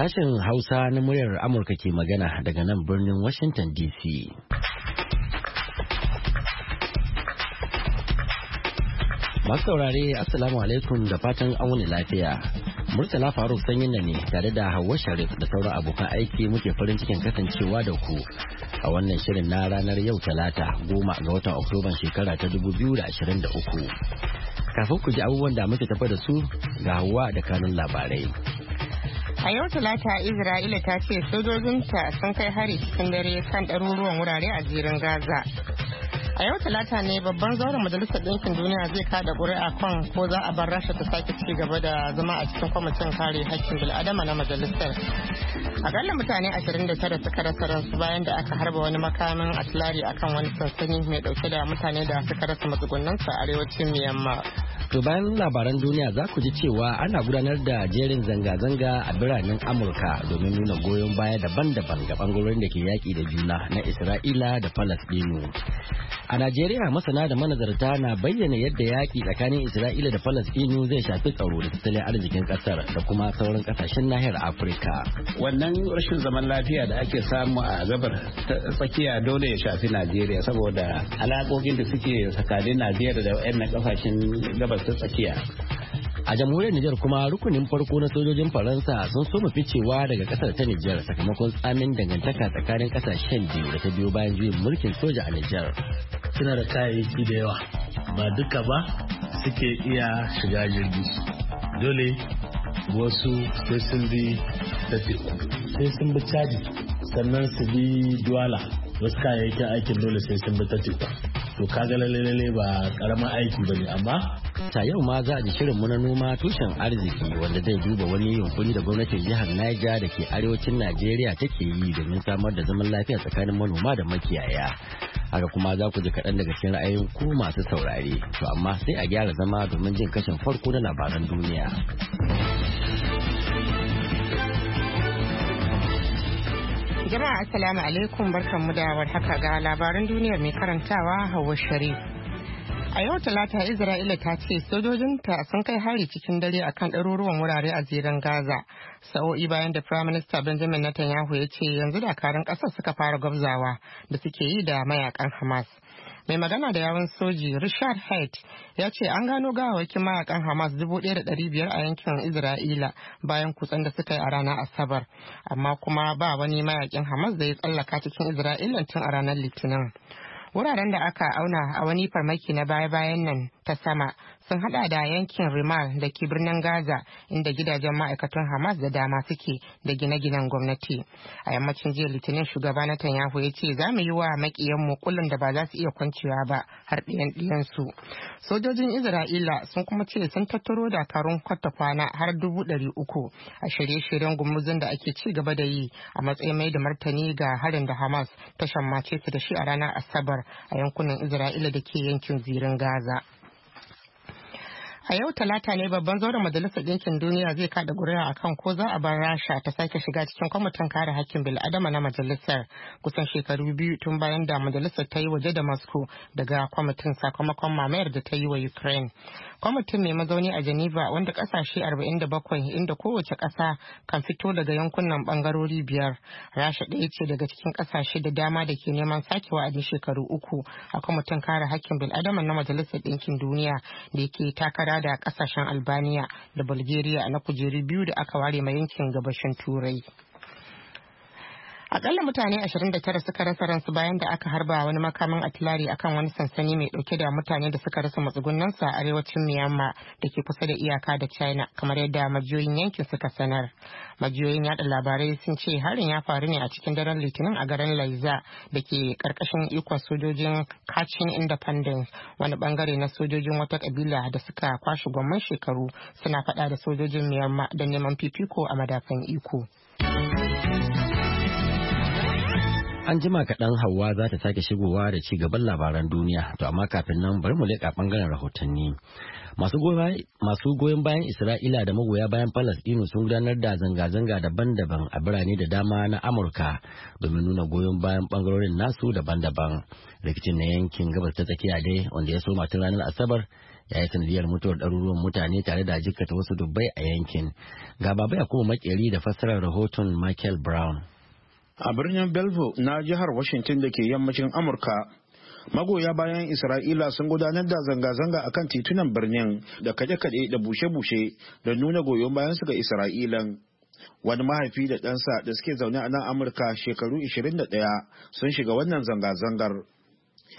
Sashen Hausa na muryar Amurka ke magana daga nan birnin Washington DC. Masu saurare Assalamu alaikum da fatan auni lafiya. Murtala Faruk sanyin ne tare da Hauwa Sharif da sauran abokan aiki muke farin cikin kasancewa da ku a wannan shirin na ranar yau talata goma ga watan Oktoban shekara ta 2023. Kafin ku ji abubuwan da muke tafa da su ga Hauwa da kanun labarai. A yau Talata Isra'ila ta ce sojojinta sun kai hari cikin dare kan ɗaruruwan wurare a jirin Gaza. A yau Talata ne babban zauren Majalisar Ɗinkin Duniya zai kada ƙuri'a kan ko za a bar Rasha ta sake ci gaba da zama a cikin kwamitin kare haƙƙin bil'adama na majalisar. Akalla mutane ashirin 29 suka rasa ransu bayan da aka harba wani makamin atilari akan wani sansani mai ɗauke da mutane da suka rasa matsugunansu a arewacin Myanmar. To bayan labaran duniya za ku ji cewa ana gudanar da jerin zanga-zanga a biranen Amurka domin nuna goyon baya daban-daban ga bangarorin da ke yaƙi da juna na Isra'ila da Falasɗinu. A Najeriya masana da manazarta na bayyana yadda yaƙi tsakanin Isra'ila da Falasɗinu zai shafi tsaro da tattalin arzikin ƙasar da kuma sauran ƙasashen nahiyar Afirka. Wannan rashin zaman lafiya da ake samu a gabar tsakiya dole ya shafi Najeriya saboda alaƙoƙin da suke tsakanin Najeriya da 'yan ƙasashen gabas ta tsakiya a jamhuriyar Nijar kuma rukunin farko na sojojin Faransa sun soma ficewa daga kasar ta Nijar sakamakon tsamin dangantaka tsakanin kasashen biyu da ta biyo bayan juyin mulkin soja a Nijar. Suna da kayayyaki da yawa ba duka ba suke iya shiga jirgi. Dole wasu sai sun bi tafi sai sun bi caji sannan su bi duwala wasu kayayyakin aikin dole sai sun bi tafi To kaga lalle ba karamin aiki bane amma ta yau ma za a ji shirinmu na noma tushen arziki wanda zai duba wani yunkuri da gwamnatin jihar Niger da ke arewacin Najeriya take yi domin samar da zaman lafiya tsakanin manoma da makiyaya. Haka kuma za ku ji kaɗan daga cikin ra'ayin ku masu saurare. To amma sai a gyara zama domin jin kashin farko na labaran duniya. Jama'a Assalamu alaikum barkanmu da warhaka ga labaran duniyar mai karantawa Hauwa Sharif. A yau Talata Isra'ila ta ce sojojinta sun kai hari cikin dare akan ɗaruruwan wurare a zirin Gaza. Sa'o'i bayan da Prime Minister Benjamin Netanyahu ya ce yanzu dakarun ƙasar suka fara gwabzawa da suke yi da mayakan Hamas. Mai magana da yawon soji Richard Haidt ya ce an gano gawawakin mayakan Hamas dubu ɗaya da ɗari biyar a yankin Isra'ila bayan kutsen da suka yi a ranar Asabar, amma kuma ba wani mayakin Hamas da ya tsallaka cikin Isra'ila tun a ranar Litinin. wuraren da aka auna a wani farmaki na baya-bayan nan ta sama sun hada da yankin rimal da ke birnin gaza inda gidajen ma'aikatan hamas da dama suke da gine-ginen gwamnati a yammacin jiya litinin shugaba na tanyahu ya ce za mu yi wa makiyanmu kullum da ba za su iya kwancewa ba har ɗiyan su sojojin isra'ila sun kuma ce sun tattaro da dakarun kwata kwana har dubu ɗari uku a shirye-shiryen gumuzin da ake ci gaba da yi a matsayin mai da martani ga harin da hamas ta shammace su da shi a ranar asabar a yankunan Isra'ila da ke yankin zirin Gaza. A yau talata ne babban zauren majalisar ɗinkin duniya zai kada guri'a akan ko za a bar Rasha ta sake shiga cikin kwamitin kare hakkin bil'adama na majalisar kusan shekaru biyu tun bayan da majalisar ta yi waje da Moscow daga kwamitin sakamakon mamayar da ta yi wa Ukraine. Kwamitin mai mazauni a Geneva wanda kasashe 47 inda kowace ƙasa kan fito daga yankunan bangarori biyar. Rasha ɗaya ce daga cikin ƙasashe da dama da ke neman sake wa'adin shekaru uku a kwamitin kare hakkin bil'adama na majalisar ɗinkin duniya da ke takara Ada da kasashen albania da bulgaria na kujeru biyu da aka ware ma yankin gabashin turai Akalla mutane 29 suka rasa ransu bayan da aka harba wani makamin atilari akan wani sansani mai dauke da mutane da suka rasa su a arewacin Myanmar da ke kusa da iyaka da China kamar yadda majiyoyin yankin suka sanar. Majiyoyin yada labarai sun ce harin ya faru ne a cikin daren Litinin a garin Laiza da ke karkashin ikon sojojin Kachin Independence wani bangare na sojojin wata kabila da suka kwashe gwamman shekaru suna faɗa da sojojin Myanmar da neman fifiko a madafan iko. an jima kaɗan hawa za ta sake shigowa da ci gaban labaran duniya to amma kafin nan bari mu leƙa ɓangaren rahotanni masu goyon bayan isra'ila da magoya bayan palestino sun gudanar da zanga-zanga daban-daban a birane da dama na amurka domin nuna goyon bayan ɓangarorin nasu daban-daban rikicin na yankin gabas ta tsakiya dai wanda ya soma tun ranar asabar ya yi sanadiyar mutuwar ɗaruruwan mutane tare da jikata wasu dubbai a yankin ga baba ya kuma makeri da fassarar rahoton michael brown a birnin belvo na jihar washington da ke yammacin amurka magoya bayan isra'ila sun gudanar da zanga-zanga akan titunan birnin da kaje kaɗe da bushe-bushe da nuna goyon bayan su ga isra'ilan wani mahaifi da ɗansa da suke zaune a nan amurka shekaru 21 sun shiga wannan zanga-zangar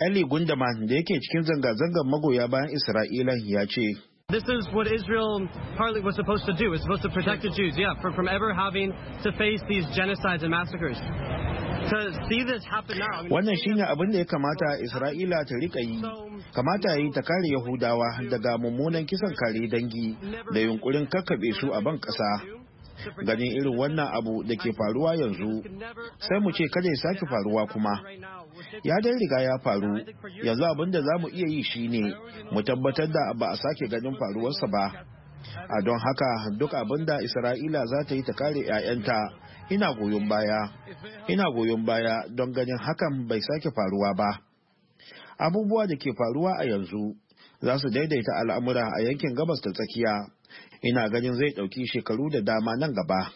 eli gundama da yake cikin zanga-zangar magoya bayan isra'ilan ya ce This is what Israel partly was supposed to do. It's supposed to protect the Jews, yeah, from, from ever having to face these genocides and massacres. Wannan see abin da ya kamata Isra'ila ta rika yi, kamata yi ta kare Yahudawa daga mummunan kisan kare dangi da yunkurin kakkaɓe su a ban ƙasa. Ganin irin wannan abu da ke faruwa yanzu, sai mu ce kada ya sake faruwa kuma. ya dai riga ya faru yanzu abin da za mu iya yi shi ne mu tabbatar da ba a sake ganin faruwarsa ba a don haka duk abin da isra'ila za ta yi ta kare 'ya'yanta ina goyon baya ina goyon baya don ganin hakan bai sake faruwa ba abubuwa da ke faruwa a yanzu za su daidaita al'amura a yankin gabas ta tsakiya ina ganin zai ɗauki shekaru da dama nan gaba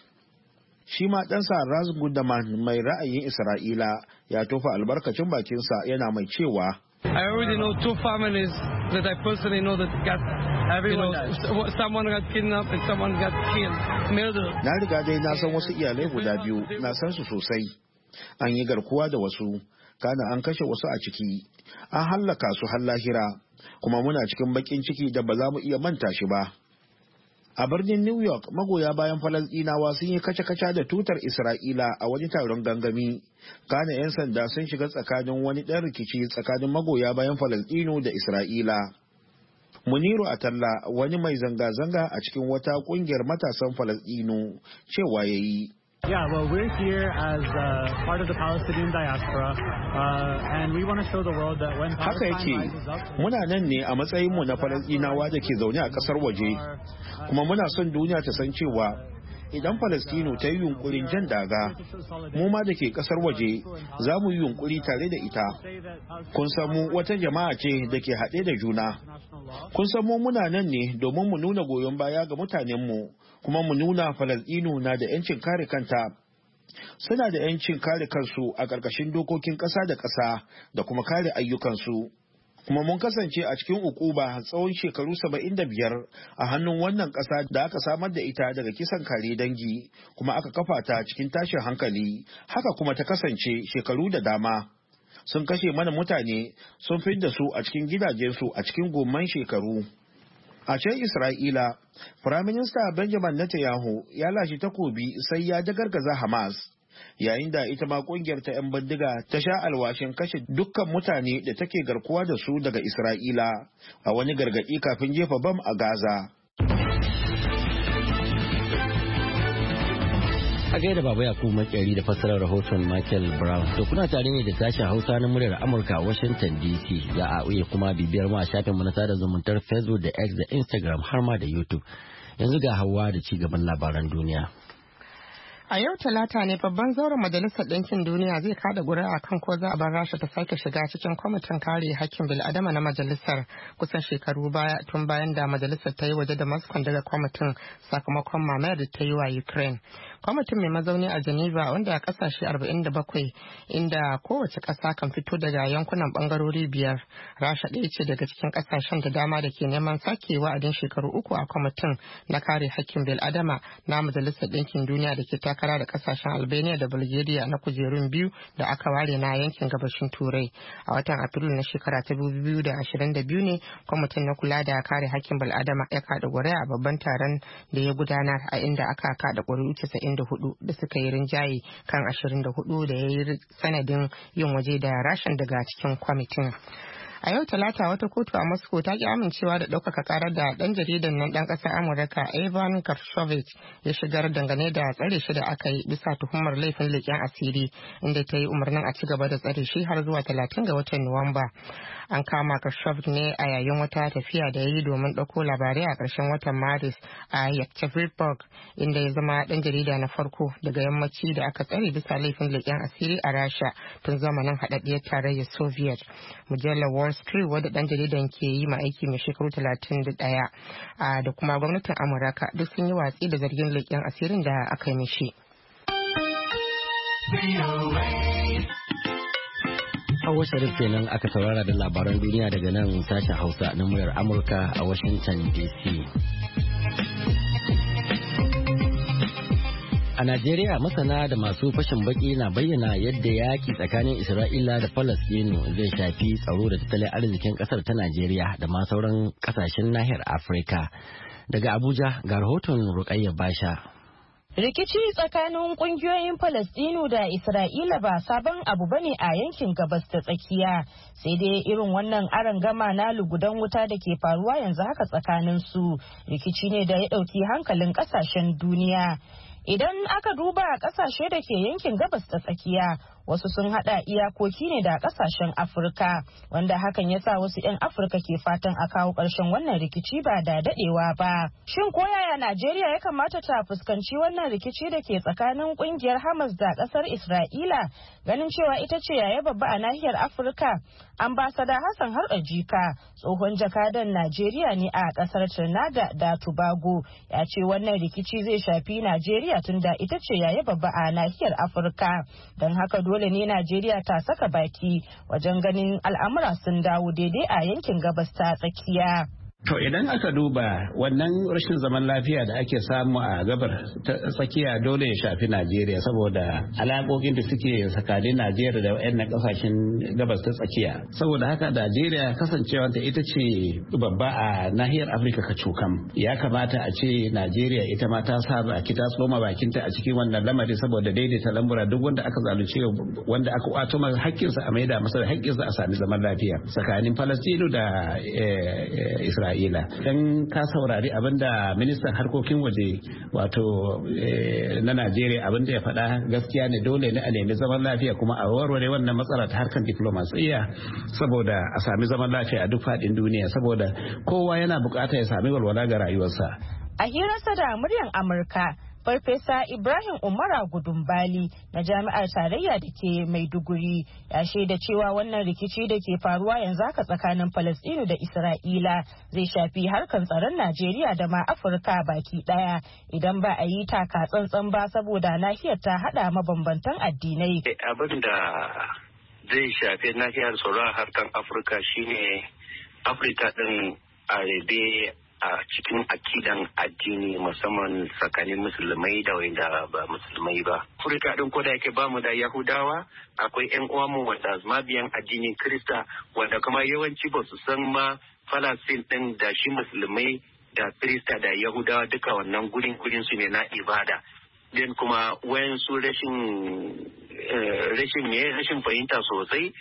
shi ma ɗansa Ras Gudaman mai ra'ayin Isra'ila ya tofa albarkacin bakinsa yana mai cewa I already know two families that I personally know that got Na riga dai na san wasu iyalai guda biyu, na san su sosai. An yi garkuwa da wasu, kana an kashe wasu a ciki, an hallaka su har lahira, kuma muna cikin bakin ciki da ba za mu iya manta shi ba. a birnin new york magoya bayan Falasɗinawa sun yi kaca-kaca da tutar isra'ila a wani taron gangami kana 'yan sanda sun shiga tsakanin wani ɗan rikici tsakanin magoya bayan falasdino da isra'ila muniru atalla wani mai zanga-zanga a cikin wata ƙungiyar matasan falasdino cewa ya yi Yeah, well, we're here as uh, part of the Palestinian diaspora, uh, and we want to show the world that when Haka yake, muna nan ne na muna idan Falastinu ta yi yunkurin jan daga, mu ma da ke kasar waje za mu yi yunkuri tare da ita. Kun samu wata jama'a ce da ke haɗe da juna. Kun samu muna nan ne domin mu nuna goyon baya ga mutanenmu, kuma mu nuna Falastinu na da 'yancin kare kanta. Suna da 'yancin kare kansu a ƙarƙashin dokokin ƙasa da ƙasa da kuma kare ayyukansu. kuma mun kasance a cikin ukuba tsawon shekaru 75 a hannun wannan ƙasa da aka samar da ita daga kisan kare dangi kuma aka kafa ta cikin tashin hankali haka kuma ta kasance shekaru da dama sun kashe mana mutane sun fi da su a cikin gidajensu a cikin goman shekaru a can isra'ila firaminista benjamin netanyahu ya lashe takobi sai ya dagargaza hamas yayin da ita ma kungiyar ta 'yan bindiga ta sha alwashin kashe dukkan mutane da take garkuwa da su daga Isra'ila a wani gargaɗi kafin jefa bam a Gaza. a gaida baba yakubu makeri da fassarar rahoton michael brown to kuna tare ne da sashen hausa na muryar amurka washington dc za a iya kuma bibiyar mu a shafin na da zumuntar facebook da x da instagram har ma da youtube yanzu ga hawa da ci gaban labaran duniya A yau Talata ne babban zauren Majalisar Ɗinkin Duniya zai kada a kan ko za a bar Rasha ta sake shiga cikin kwamitin kare hakkin bil'adama na majalisar kusan shekaru baya tun bayan da majalisar ta yi waje da Moscow daga kwamitin sakamakon mamayar da ta yi wa Ukraine. kwamitin mai mazauni a geneva wanda a kasashe 47 inda kowace kasa kan fito daga yankunan bangarori biyar rasha ɗaya ce daga cikin kasashen da dama da ke neman sake wa'adin shekaru uku a kwamitin na kare hakkin bil'adama na majalisar ɗinkin duniya da ke takara da kasashen albania da bulgaria na kujerun biyu da aka ware na yankin gabashin turai a watan afrilu na shekara ta 2022 ne kwamitin na kula da kare hakkin bil'adama ya kaɗa ƙuri'a a babban taron da ya gudanar a inda aka kaɗa ƙuri'u 24 da suka yi rinjaye kan 24 da ya yi sanadin yin waje da rashin daga cikin kwamitin. a yau talata wata kotu a moscow ta ki amincewa da ɗaukaka karar da ɗan jaridan nan ɗan ƙasar amurka evan karshovich ya shigar dangane da tsare shi da aka yi bisa tuhumar laifin leƙen asiri inda ta yi umarnin a ci gaba da tsare shi har zuwa talatin ga watan nuwamba an kama khashoggi ne a yayin wata tafiya da ya yi domin ɗauko labarai a ƙarshen watan maris a yekaterinburg inda ya zama ɗan jarida na farko daga yammaci da aka tsare bisa laifin leƙen asiri a rasha tun zamanin haɗaɗɗiyar tarayyar soviet mujallar wall street wadda ɗan jaridan ke yi ma aiki mai shekaru talatin da ɗaya da kuma gwamnatin amurka duk sun yi watsi da zargin leƙen asirin da aka yi mishi. Hawa Sharif kenan aka saurara da labaran duniya daga nan sashen Hausa na muryar Amurka a Washington DC. A Najeriya masana da masu fashin baki na bayyana yadda yaƙi tsakanin Isra'ila da Falasɗinu zai shafi tsaro da tattalin arzikin ƙasar ta Najeriya da ma sauran ƙasashen nahiyar Afirka. Daga Abuja ga rahoton Rukayya Basha Rikici tsakanin kungiyoyin Falasɗinu da Isra'ila ba sabon abu bane a yankin gabas ta tsakiya, sai dai irin wannan aron gama na lugudan wuta da ke faruwa yanzu haka tsakanin su rikici ne da ya ɗauki hankalin ƙasashen duniya. Idan aka duba ƙasashe da ke yankin gabas ta tsakiya, wasu sun hada iyakoki ne da kasashen afirka wanda hakan ya sa wasu 'yan afirka ke fatan a kawo karshen wannan rikici ba da dadewa ba shin ko yaya najeriya ya kamata ta fuskanci wannan rikici da ke tsakanin kungiyar hamas da kasar isra'ila ganin cewa ita ce yaya babba a nahiyar afirka ambasada hassan harɗa jika tsohon jakadan najeriya ne a ƙasar trinada da tobago ya ce wannan rikici zai shafi najeriya tun da ita ce yaya babba a nahiyar afirka don haka dole ne najeriya ta saka baki wajen ganin al'amura sun dawo daidai a yankin gabas ta tsakiya To idan aka duba wannan rashin zaman lafiya da ake samu a gabar tsakiya dole ya shafi Najeriya saboda alaƙoƙin da suke tsakanin Najeriya da wayannan kasashen gabas ta tsakiya. Saboda haka Najeriya kasancewanta ita ce babba a nahiyar Afirka kacokam. Ya kamata a ce Najeriya ita ma ta sa a ta tsoma bakinta a cikin wannan lamari saboda daidaita lambura duk wanda aka zalunce wanda aka kwato masa haƙƙinsa a maida masa da haƙƙinsa a sami zaman lafiya tsakanin Falastinu da eh, eh, Isra'ila. isra'ila dan ka saurari abinda ministan harkokin waje wato eh, na najeriya abinda ya faɗa gaskiya ne dole ne a nemi zaman lafiya kuma a warware wannan matsala ta harkar diplomasiya saboda a sami zaman lafiya a duk faɗin duniya saboda kowa yana bukata ya sami walwala ga rayuwarsa a hirarsa da muryar amurka Farfesa Ibrahim Umara Gudumbali na Jami'ar Tarayya da ke Maiduguri ya shaida cewa wannan rikici da ke faruwa yanzu haka tsakanin Falasɗinu da Isra'ila zai shafi harkar tsaron Najeriya da ma Afirka baki ɗaya idan ba a yi taka tsantsan ba saboda nahiyar ta haɗa mabambantan addinai. Eh, abin da zai shafi nahiyar tsaron harkar Afirka shine Afirka ɗin a a cikin akidan addini musamman tsakanin musulmai da wanda ba musulmai ba. Afirka din ko da yake ba mu da Yahudawa akwai 'yan uwanmu wanda mabiyan addinin Kirista wanda kuma yawanci ba su san ma Falasin din da shi musulmai da Kirista da Yahudawa duka wannan gurin gurin su ne na ibada. din kuma wayansu rashin eh, rashin fahimta sosai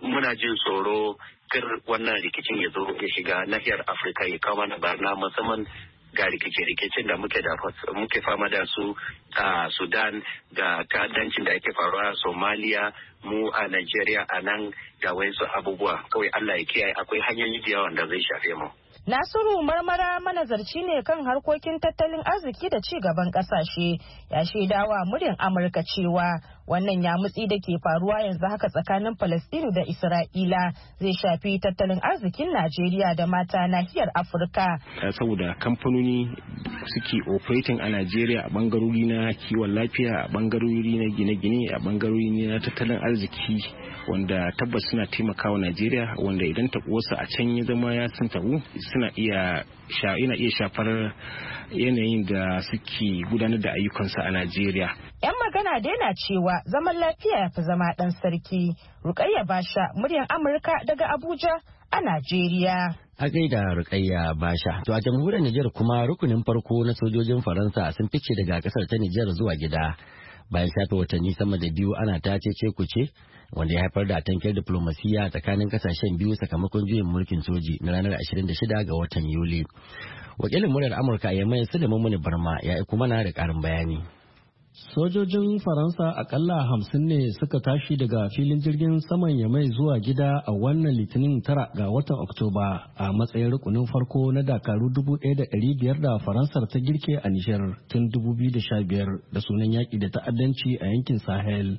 muna jin tsoro kar wannan rikicin ya zo ya shiga nahiyar afirka ya kawo mana barna musamman ga rikice-rikicin da muke da muke fama da su a sudan ga ta'addancin da ake faruwa a somalia mu a nigeria a nan ga wasu abubuwa kawai allah ya kiyaye akwai hanyoyi da yawan da zai shafe mu Nasiru marmara manazarci ne kan harkokin tattalin arziki da ci gaban kasashe ya shaidawa muryar Amurka cewa wannan ya yamutsi da ke faruwa yanzu haka tsakanin Falasɗinu da Isra'ila zai shafi tattalin arzikin Najeriya da mata nahiyar Afirka. Eh, saboda kamfanoni suke operating a Najeriya a bangarori na kiwon lafiya a bangarori na gine-gine a bangarori na tattalin arziki wanda tabbas suna taimakawa Najeriya wanda idan ta taɓuwarsa a can ya zama ya sun tabu suna iya yana iya shafar yanayin da suke gudanar da ayyukansu a Najeriya. 'Yan magana dai na cewa cewa zaman lafiya ya fi zama ɗan sarki. Rukayya Basha, muryar Amurka daga Abuja a Najeriya. a da rukayya basha to a jamhuriyar Nijar kuma rukunin farko na sojojin Faransa sun fice daga kasar ta Nijar zuwa gida bayan shafe watanni sama da biyu ana ta ce kuce wanda ya haifar da tankiyar diplomasiya tsakanin kasashen biyu sakamakon juyin mulkin soji na ranar 26 ga watan Yuli wakilin muryar Amurka ya su Suleiman Muni Barma ya yi kuma na da karin bayani Sojojin Faransa akalla hamsin ne suka tashi daga filin jirgin saman Yamai zuwa gida a wannan litinin tara ga watan Oktoba a matsayin rukunin farko na dakaru 1,500 da Faransar ta girke a Nijar tun 2015 da sunan yaƙi da ta'addanci a yankin Sahel.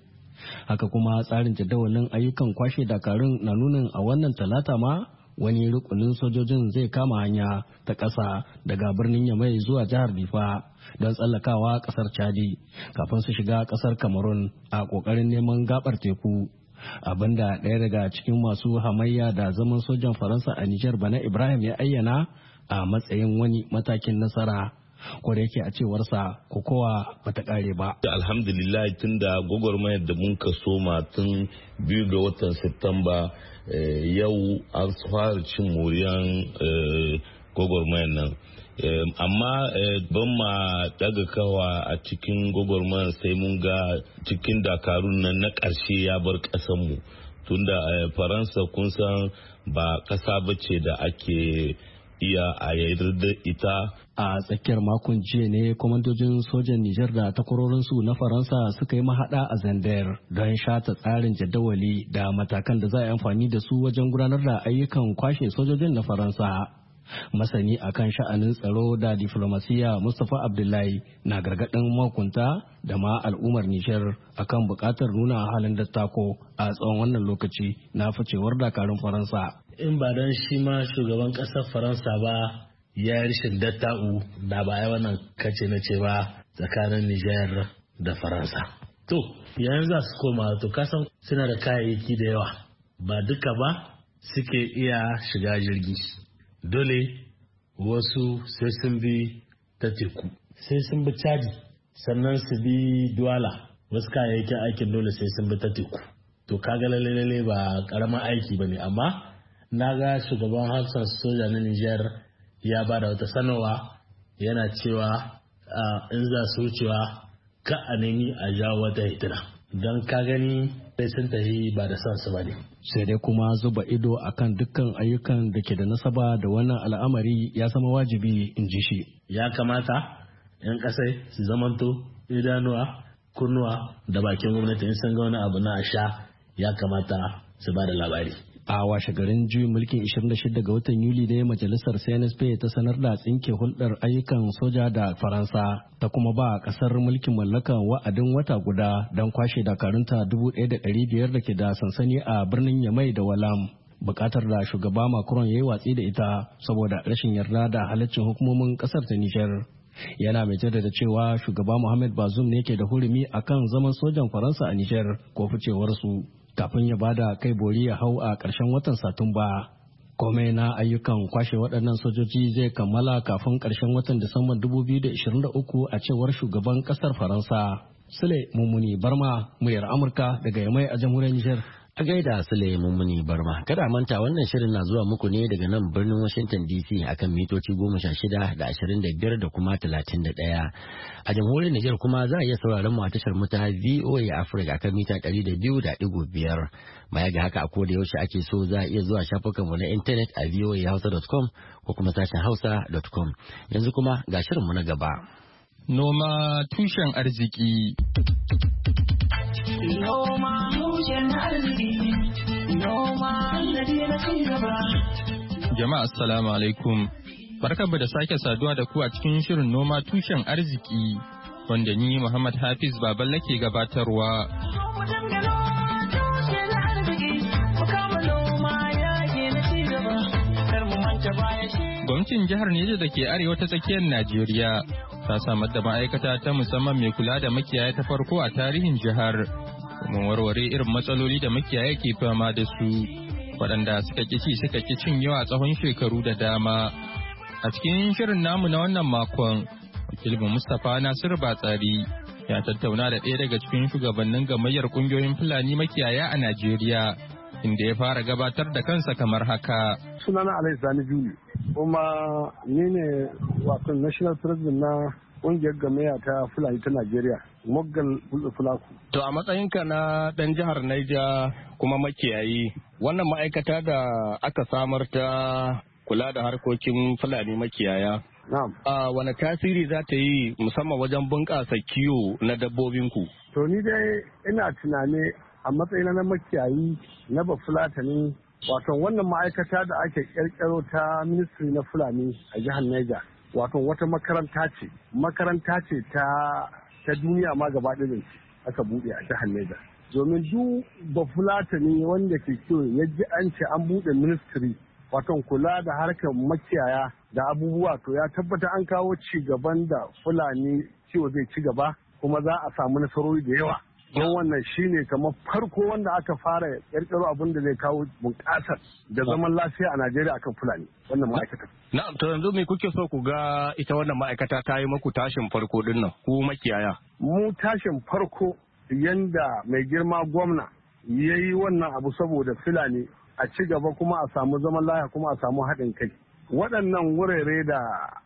Haka kuma tsarin jadawalin ayyukan kwashe dakarun na nunin a wannan talata ma wani rukunin sojojin zai kama hanya ta ƙasa daga birnin yamai zuwa jihar difa don tsallakawa ƙasar chadi kafin su shiga kasar Cameroon a kokarin neman gabar teku abinda ɗaya daga cikin masu hamayya da zaman sojan Faransa a Nijar bana Ibrahim ya ayyana a matsayin wani matakin nasara. ko yake a cewarsa kokowa bata bata kare ba. Alhamdulillah tun da gwagwarmayar da mun kaso tun biyu ga watan Septamba eh, yau an fara cin moriyan eh, gwagwarmayar nan. amma eh, ban ma daga kawa a cikin gwagwarmayar sai mun ga cikin dakarun nan na ƙarshe ya bar ƙasanmu tunda eh, faransa kun san ba ƙasa ba ce da ake iya a da ita a tsakiyar makon jiya ne kwamandojin sojan nijar da takwarorinsu na faransa suka yi mahada a zandayar don shata tsarin jadawali da matakan da za a yi amfani da su wajen gudanar da ayyukan kwashe sojojin na faransa masani a kan sha'anin tsaro da diflomasiyya mustapha abdullahi na gargaɗin makunta da ma al'ummar nishar kan buƙatar nuna halin dattako a tsawon wannan lokaci na ficewar dakarun faransa in ba don shi ma shugaban ƙasar faransa ba ya yi rishin datta'u da ba ya wannan kace na ce ba tsakanin nijar da faransa to yayin za su koma to kasan suna da kayayyaki da yawa ba duka ba suke iya shiga jirgi dole wasu sai sun bi ta teku sai sun bi caji sannan su bi duwala wasu kayayyakin aikin dole sai sun bi ta teku to kaga lalle ba karamin aiki ba ne amma na ga shugaban hafsan soja na nijar ya ba da wata sanowa yana cewa in za su wucewa ka a nemi a jawo wata hitira don ka gani sai sun tafi ba da san su ba ne sai dai kuma zuba ido a kan dukkan ayyukan da ke da nasaba da wannan al'amari ya zama wajibi in ji shi ya kamata 'yan kasai su zamanto idanuwa kunnuwa da bakin gwamnati in san ga wani abu na sha ya kamata su ba da labari a washe garin juyin mulkin 26 ga watan yuli ne majalisar cnsp ta sanar da tsinke hulɗar ayyukan soja da faransa ta kuma ba ƙasar mulkin mallakan wa'adin wata guda don kwashe dakarunta 1,500 da ke da sansani a birnin yamai da walam bukatar da shugaba macron ya yi watsi da ita saboda rashin yarda da halaccin hukumomin kasar ta nijar yana mai jaddada cewa shugaba muhammad bazoum ne ke da hurumi akan zaman sojan faransa a nijar ko ficewar su. kafin ya bada kai bori ya hau a ƙarshen watan Satumba. Komai na ayyukan kwashe waɗannan sojoji zai kammala kafin ƙarshen watan Disamban 2023 a cewar shugaban ƙasar Faransa. Sule Mummuni Barma, muryar Amurka daga Yamai a jamhuriyar Nijar. A gaida Sule Mummuni Barma, kada manta wannan shirin na zuwa muku ne daga nan birnin Washington DC akan mitoci goma sha shida da ashirin da biyar da kuma talatin da ɗaya. A jamhuriyar Nijar kuma za a iya sauraron mu a tashar mu ta VOA Africa akan mita ɗari da biyu da ɗigo biyar. Baya ga haka a ko da yaushe ake so za a iya zuwa shafukan mu na intanet a voahausa.com ko kuma sashen hausa.com. Yanzu kuma ga shirin mu na gaba. Noma tushen arziki. Noma Jama'a assalamu alaikum. Barkanmu da sake saduwa da ku a cikin shirin noma tushen arziki wanda ni Muhammad Hafiz Baballe ke gabatarwa. Gwamnatin jihar Neja da ke arewa ta tsakiyar Najeriya ta samar da ma'aikata ta musamman mai kula da makiyaya ta farko a tarihin jihar. Mun warware irin matsaloli da makiyaya ke fama da su waɗanda suka ci suka ƙi cinyewa tsawon shekaru da dama a cikin shirin namu na wannan makon wakilin mustapha nasiru batsari ya tattauna da ɗaya daga cikin shugabannin gamayyar ƙungiyoyin fulani makiyaya a najeriya inda ya fara gabatar da kansa kamar haka sunana alhaji sani juli kuma ni ne wato national president na ƙungiyar gamaya ta Fulani ta Najeriya, Moggal Fulaku. To a matsayinka na ɗan jihar Naija kuma makiyayi, wannan ma'aikata da aka samar ta kula da harkokin Fulani makiyaya. A wane tasiri za ta yi musamman wajen bunƙasa kiwo na dabbobinku? To ni dai ina tunani a matsayina na makiyayi na Bafulatani wato wannan ma'aikata da ake ƙirƙiro ta ministry na Fulani a jihar Niger. wato wata makaranta ce makaranta ce ta duniya ma gaba ɗaya aka buɗe a jihar Niger domin duk bafulata ne wanda ke so ya ji an ce an buɗe ministry watan kula da harkar makiyaya da abubuwa to ya tabbata an kawo ci gaban da fulani ciwo zai ci gaba kuma za a samu nasarori da yawa don wannan shine kamar farko wanda aka fara kirkiro abin da zai kawo bunƙasar da zaman lafiya a Najeriya akan Fulani wannan ma'aikata. Na'am to yanzu me kuke so ku ga ita wannan ma'aikata ta yi maku tashin farko din nan ku makiyaya. Mu tashin farko yanda mai girma gwamna ya yi wannan abu saboda Fulani a ci gaba kuma a samu zaman lafiya kuma a samu haɗin kai. waɗannan wurare da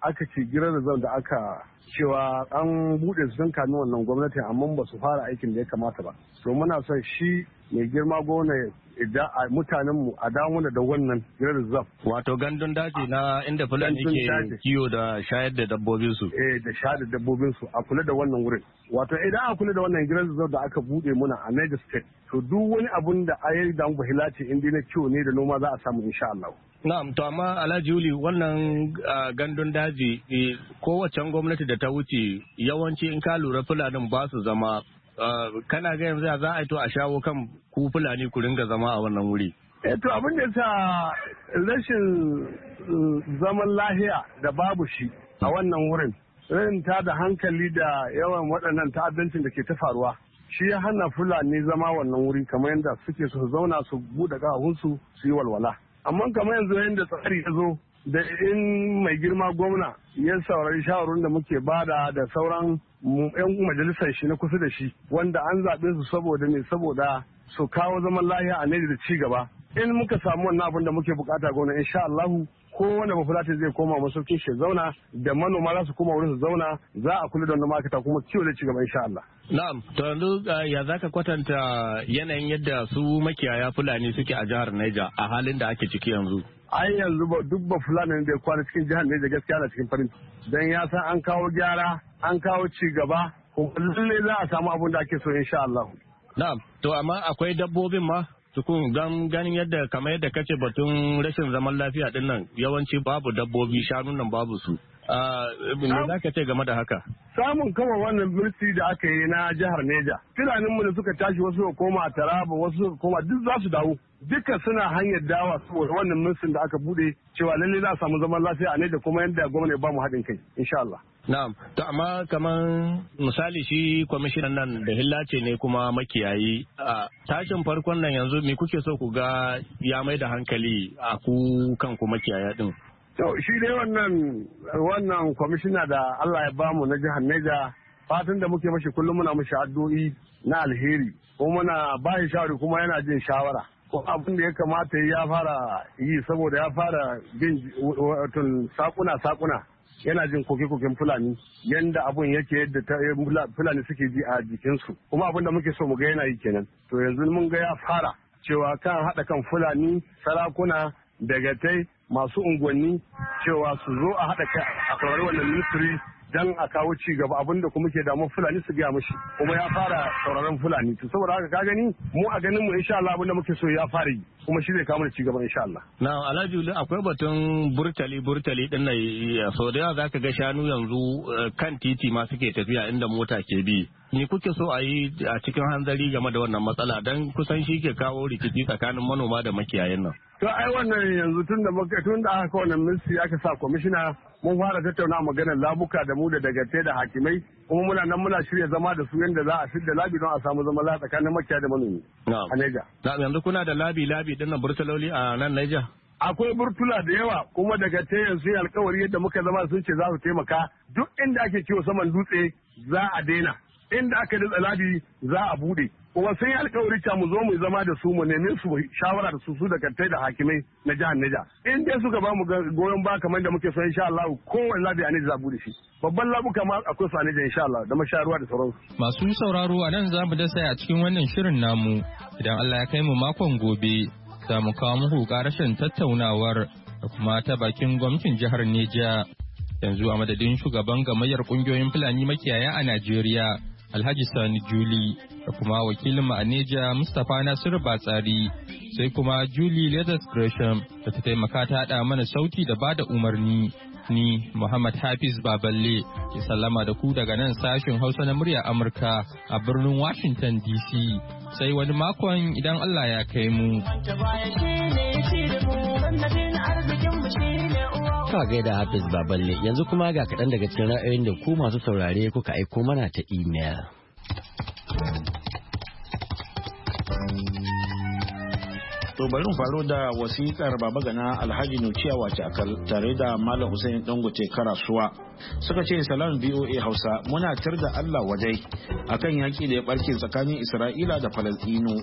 aka ce girar da da aka cewa an buɗe su don kami wannan gwamnati amma ba su fara aikin da ya kamata ba So, muna son shi mai girma gona idan mutanenmu a damu da wannan girar zaf. Wato gandun daji na inda fulani ke kiyo da shayar da dabbobin su. Eh da shayar da dabbobin su a kula da wannan wurin. Wato idan a kula da wannan girar zaf da aka buɗe muna a Niger State to duk wani abun da ayi da mu hilaci inda na kiyo ne da noma za a samu insha Allah. Na'am to amma Alhaji Yuli wannan gandun daji kowace gwamnati da ta wuce yawanci in ka lura fulanin ba su zama kana ga yanzu za a yi to a shawo kan ku fulani ku ringa zama a wannan wuri. E to abin da ta rashin uh, zaman lahiya da babu shi a wannan wurin rin ta da hankali da yawan waɗannan ta'addancin da ke ta faruwa shi ya hana fulani zama wannan wuri kamar yadda suke su zauna su buɗe ƙahunsu su yi walwala. amma kamar yanzu yadda tsari ya zo da in mai girma gwamna ya saurari shawarun da muke bada da sauran 'yan majalisar shi na kusa da shi wanda an zaɓe su saboda ne saboda su kawo zaman lahiya a da ci gaba in muka samu wannan abin da muke bukata gwamna insha Allahu kowane mafulatin zai koma masauki shi zauna da manoma za su koma wurin su zauna za a kula da wannan makata kuma kiwo da cigaba insha Allah. Na'am, to yanzu uh, ya zaka kwatanta yanayin yadda su makiyaya Fulani suke a jihar Niger a halin da ake ciki yanzu? Ai yanzu ba duk ba Fulani da ya kwana cikin jihar Niger gaskiya na cikin farin dan ya san an kawo gyara, an kawo cigaba. gaba, kuma lallai za a samu abin da ake so insha Allah. Na'am, to amma akwai dabbobin ma tukun ganin yadda kamar yadda kace batun rashin zaman lafiya din yawanci babu dabbobi shanun nan babu su Ah, me za ka ce game da haka? Samun kama wannan mulki da aka yi na jihar Neja. Tunaninmu da suka tashi wasu suka koma Taraba wasu suka koma duk za su dawo. Duka suna hanyar dawa saboda wannan mulkin da aka bude cewa lalle za a samu zaman lafiya a Neja kuma yadda gwamna ya ba mu haɗin kai insha Allah. Na'am, to amma kamar misali shi kwamishinan nan da ce ne kuma makiyayi a tashin farkon nan yanzu me kuke so ku ga ya mai da hankali a ku kanku makiyaya din? To shi dai wannan wannan kwamishina da Allah ya bamu na jihar Neja fatan da muke mashi kullum muna mashi addu'o'i na alheri ko muna ba shi shawari kuma yana jin shawara ko abin da ya kamata ya fara yi saboda ya fara bin watan sakuna sakuna yana jin koke-koken fulani yanda abun yake yadda fulani suke ji a jikinsu kuma abin da muke so mu ga yana yi kenan to yanzu mun ga ya fara cewa kan haɗa kan fulani sarakuna dagatai masu unguwanni cewa su zo a haɗa kai a saurari wannan ministry dan a kawo ci gaba abinda kuma ke damun fulani su gaya mashi kuma ya fara sauraron fulani to saboda haka ka gani mu a ganin mu insha Allah abinda muke so ya fara yi kuma shi zai kawo mana ci gaba insha Allah na alhaji akwai batun burtali burtali din nan eh, so da yawa zaka ga shanu yanzu eh, kan titi ma suke tafiya inda mota ke bi ni kuke so a yi a cikin hanzari game da wannan matsala dan kusan shi ke kawo rikici tsakanin manoma da makiyayan nan to ai wannan yanzu tun da tun aka kawo wannan minsi aka sa kwamishina mun fara tattauna maganar labuka da mu da dagatai da hakimai kuma muna nan muna shirya zama da su yadda za a fidda labi don a samu zama la tsakanin makiya da manomi a Niger. yanzu kuna da labi labi din nan burtuloli a nan Niger? Akwai burtula da yawa kuma daga ta yanzu alkawari yadda muka zama sun ce za su taimaka duk inda ake kiwo saman dutse za a daina inda aka da labi za a bude kuma sun yi alkawari ta mu zo mu zama da su mu nemi su shawara da su su da kattai da hakimai na jihar Neja in dai suka ba mu goyon ba kamar da muke so insha Allah kowanne labi a Neja zabu da shi babban labu kamar akwai sa Neja insha Allah da masharuwa da sauransu masu sauraro a nan za mu dasa a cikin wannan shirin namu idan Allah ya kai mu makon gobe za mu kawo muku karashin tattaunawar da kuma ta bakin gwamnatin jihar Neja yanzu a madadin shugaban gamayyar kungiyoyin Fulani makiyaya a Najeriya Alhaji Sani Juli da kuma wakilin mu a Neja Mustapha Nasir Batsari sai kuma Julie Leather Gresham da ta taimaka ta hada mana sauti da bada umarni. Ni Muhammad Hafiz Baballe ke sallama da ku daga nan sashen Hausa na murya Amurka a birnin Washington DC sai wani makon idan Allah ya kai mu. Ka gaida Hafiz Baballe yanzu kuma ga kaɗan daga cikin ra'ayoyin da ku masu saurare kuka aiko mana ta imel. To bari faro da wasikar Gana Alhaji Nuciya wace tare da Malam Hussein Dangote Karasuwa. Suka ce salam VOA Hausa muna tar da Allah wajai akan yaƙi da ya ɓarke tsakanin Isra'ila da Falasɗinu.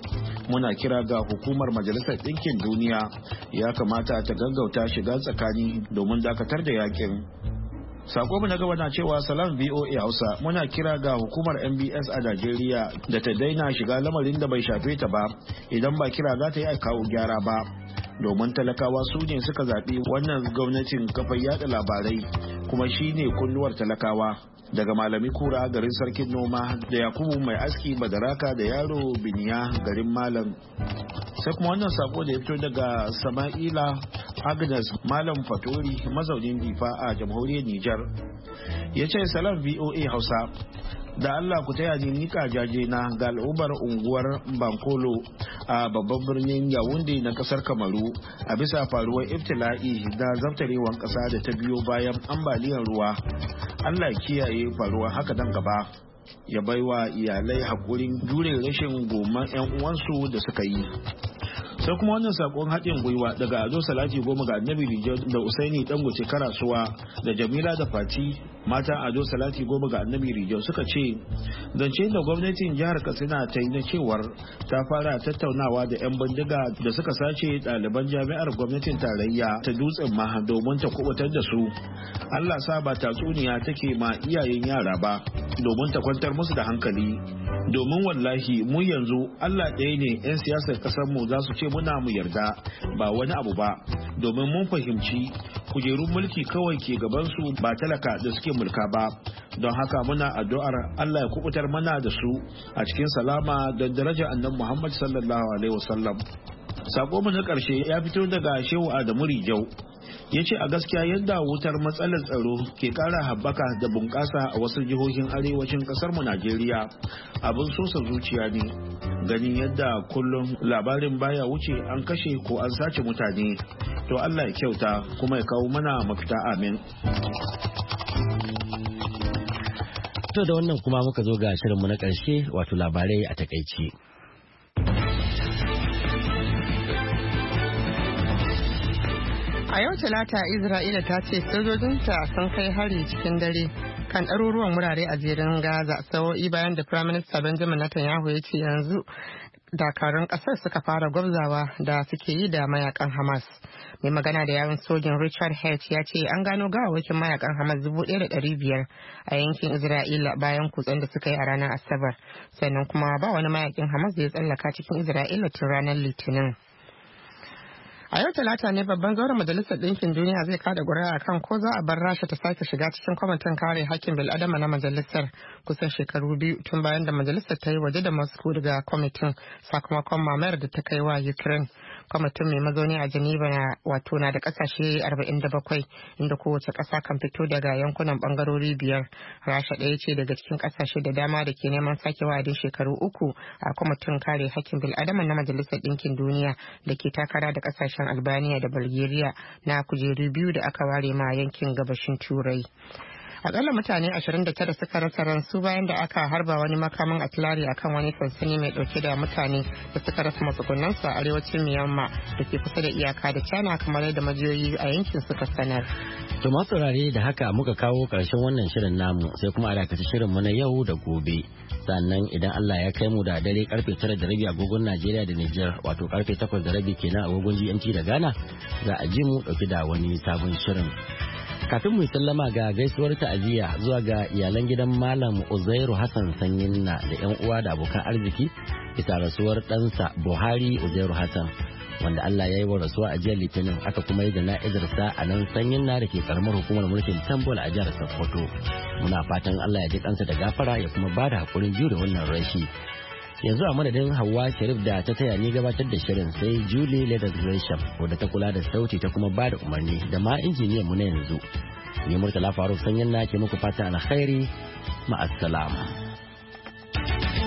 Muna kira ga hukumar Majalisar Ɗinkin Duniya ya kamata ta gaggauta shiga tsakani domin dakatar da yakin. sako mu na gaba na cewa salam voa hausa muna kira ga hukumar mbs a najeriya da ta daina shiga lamarin da bai shafe ta ba idan ba kira za ta yi a kawo gyara ba domin talakawa su ne suka zaɓi wannan gwamnatin kafar yada labarai kuma shi ne kunnuwar talakawa daga malami kura garin sarkin noma da yakubu mai aski madaraka da yaro biniya garin malam sai kuma wannan sako da ya fito daga sama'ila agnes malam fatori mazaunin difa a jamhuriyar nijar ya ce salam voa hausa da Allah ku taya ni nika jaje na ga al'ubar unguwar Bankolo a babban birnin Yawunde na kasar Kamaru a bisa faruwar iftila'i da zabtarewar kasa da ta biyo bayan ambaliyar ruwa. Allah kiyaye faruwar haka dan gaba. Ya baiwa iyalai hakurin jure rashin goma 'yan uwansu da suka yi. sai kuma wannan sakon haɗin gwiwa daga ado salati goma ga annabi da usaini dangote karasuwa da jamila da fati matan ado salati goma ga annabi rijau suka ce zance da gwamnatin jihar katsina ta yi na cewar ta fara tattaunawa da 'yan bindiga da suka sace ɗaliban jami'ar gwamnatin tarayya ta dutsen ma domin ta kubutar da su allah sa ba tatsuniya take ma iyayen yara ba domin ta kwantar musu da hankali domin wallahi mu yanzu allah ɗaya ne 'yan siyasar ƙasar mu za su ce muna mu yarda ba wani abu ba domin mun fahimci kujerun mulki kawai ke gabansu ba talaka da suke mulka ba don haka muna addu'ar Allah ya kubutar mana da su a cikin salama don darajar annan Muhammad sallallahu alaihi wasallam sako mu na karshe ya fito daga Shehu Adamu Rijau ya ce a gaskiya yadda wutar matsalar tsaro ke kara haɓaka da bunƙasa a wasu jihohin arewacin ƙasar mu Najeriya abin sosa zuciya ne ganin yadda kullum labarin baya wuce an kashe ko an sace mutane to Allah ya kyauta kuma ya kawo mana mafita amin To da wannan kuma muka zo ga mu na ƙarshe wato labarai a takaici. A yau Talata Isra'ila ta ce sojojinta sun kai hari cikin dare kan ɗaruruwan wurare a jirin Gaza sawo'i bayan da Firaminista Benjamin Netanyahu ya ce yanzu dakarun ƙasar suka fara gwabzawa da suke yi da mayakan Hamas. mai magana da yawon sojin richard hert ya ce an gano gawawakin mayakan hamas dubu ɗaya da ɗari biyar a yankin isra'ila bayan kutsen da suka yi a ranar asabar sannan kuma ba wani mayakin hamas da ya tsallaka cikin isra'ila tun ranar litinin A yau Talata ne babban zauren Majalisar Ɗinkin Duniya zai kada ƙuri'a kan ko za a bar Rasha ta sake shiga cikin kwamitin kare hakkin bil'adama na majalisar kusan shekaru biyu tun bayan da majalisar ta yi waje da Moscow daga kwamitin sakamakon mamayar da ta kai wa Ukraine. Kwamitin mai mazauni a Geneva na wato na da ƙasashe 47 inda kowace ƙasa kan fito daga yankunan bangarori biyar. Rasha ɗaya ce daga cikin ƙasashe da dama da ke neman sake wa'adin shekaru uku a kwamitin kare hakkin bil'adama na majalisar ɗinkin duniya da ke takara da ƙasashen kasashen albania da bulgaria na kujeru biyu da aka ware ma yankin gabashin turai akalla mutane 29 suka rasa ransu bayan da aka harba wani makamin atilari akan wani sansani mai dauke da mutane da suka rasa matsugunan su a arewacin myanmar da ke kusa da iyaka da china kamar yadda majiyoyi a yankin suka sanar to saurare da haka muka kawo karshen wannan shirin namu sai kuma a dakaci shirin mu na yau da gobe sannan idan allah ya kai mu da dare karfe tara da rabi agogon najeriya da Nijar wato karfe takwas da rabi kenan agogon gmt da ghana za a ji mu dauki da wani sabon shirin kafin mu sallama ga gaisuwar ta'aziyya zuwa ga iyalan gidan malam uzairu hassan sanyin na da yan uwa da abokan arziki bisa rasuwar ɗansa buhari uzairu hassan wanda allah ya yi wa rasuwa a jiyar litinin aka kuma yi da sa a nan sanyin na da ke karamar hukumar mulkin tambol a jihar sokoto muna fatan allah ya ji ɗansa da gafara ya kuma ba da hakurin jure wannan rashi yanzu a madadin hawa sharif da ta taya ni gabatar da shirin sai julie leather gresham wadda ta kula da sauti ta kuma bada umarni da ma injiniyan mu na yanzu ne murtala faruk sanyin na ke muku fata alkhairi ma'assalama.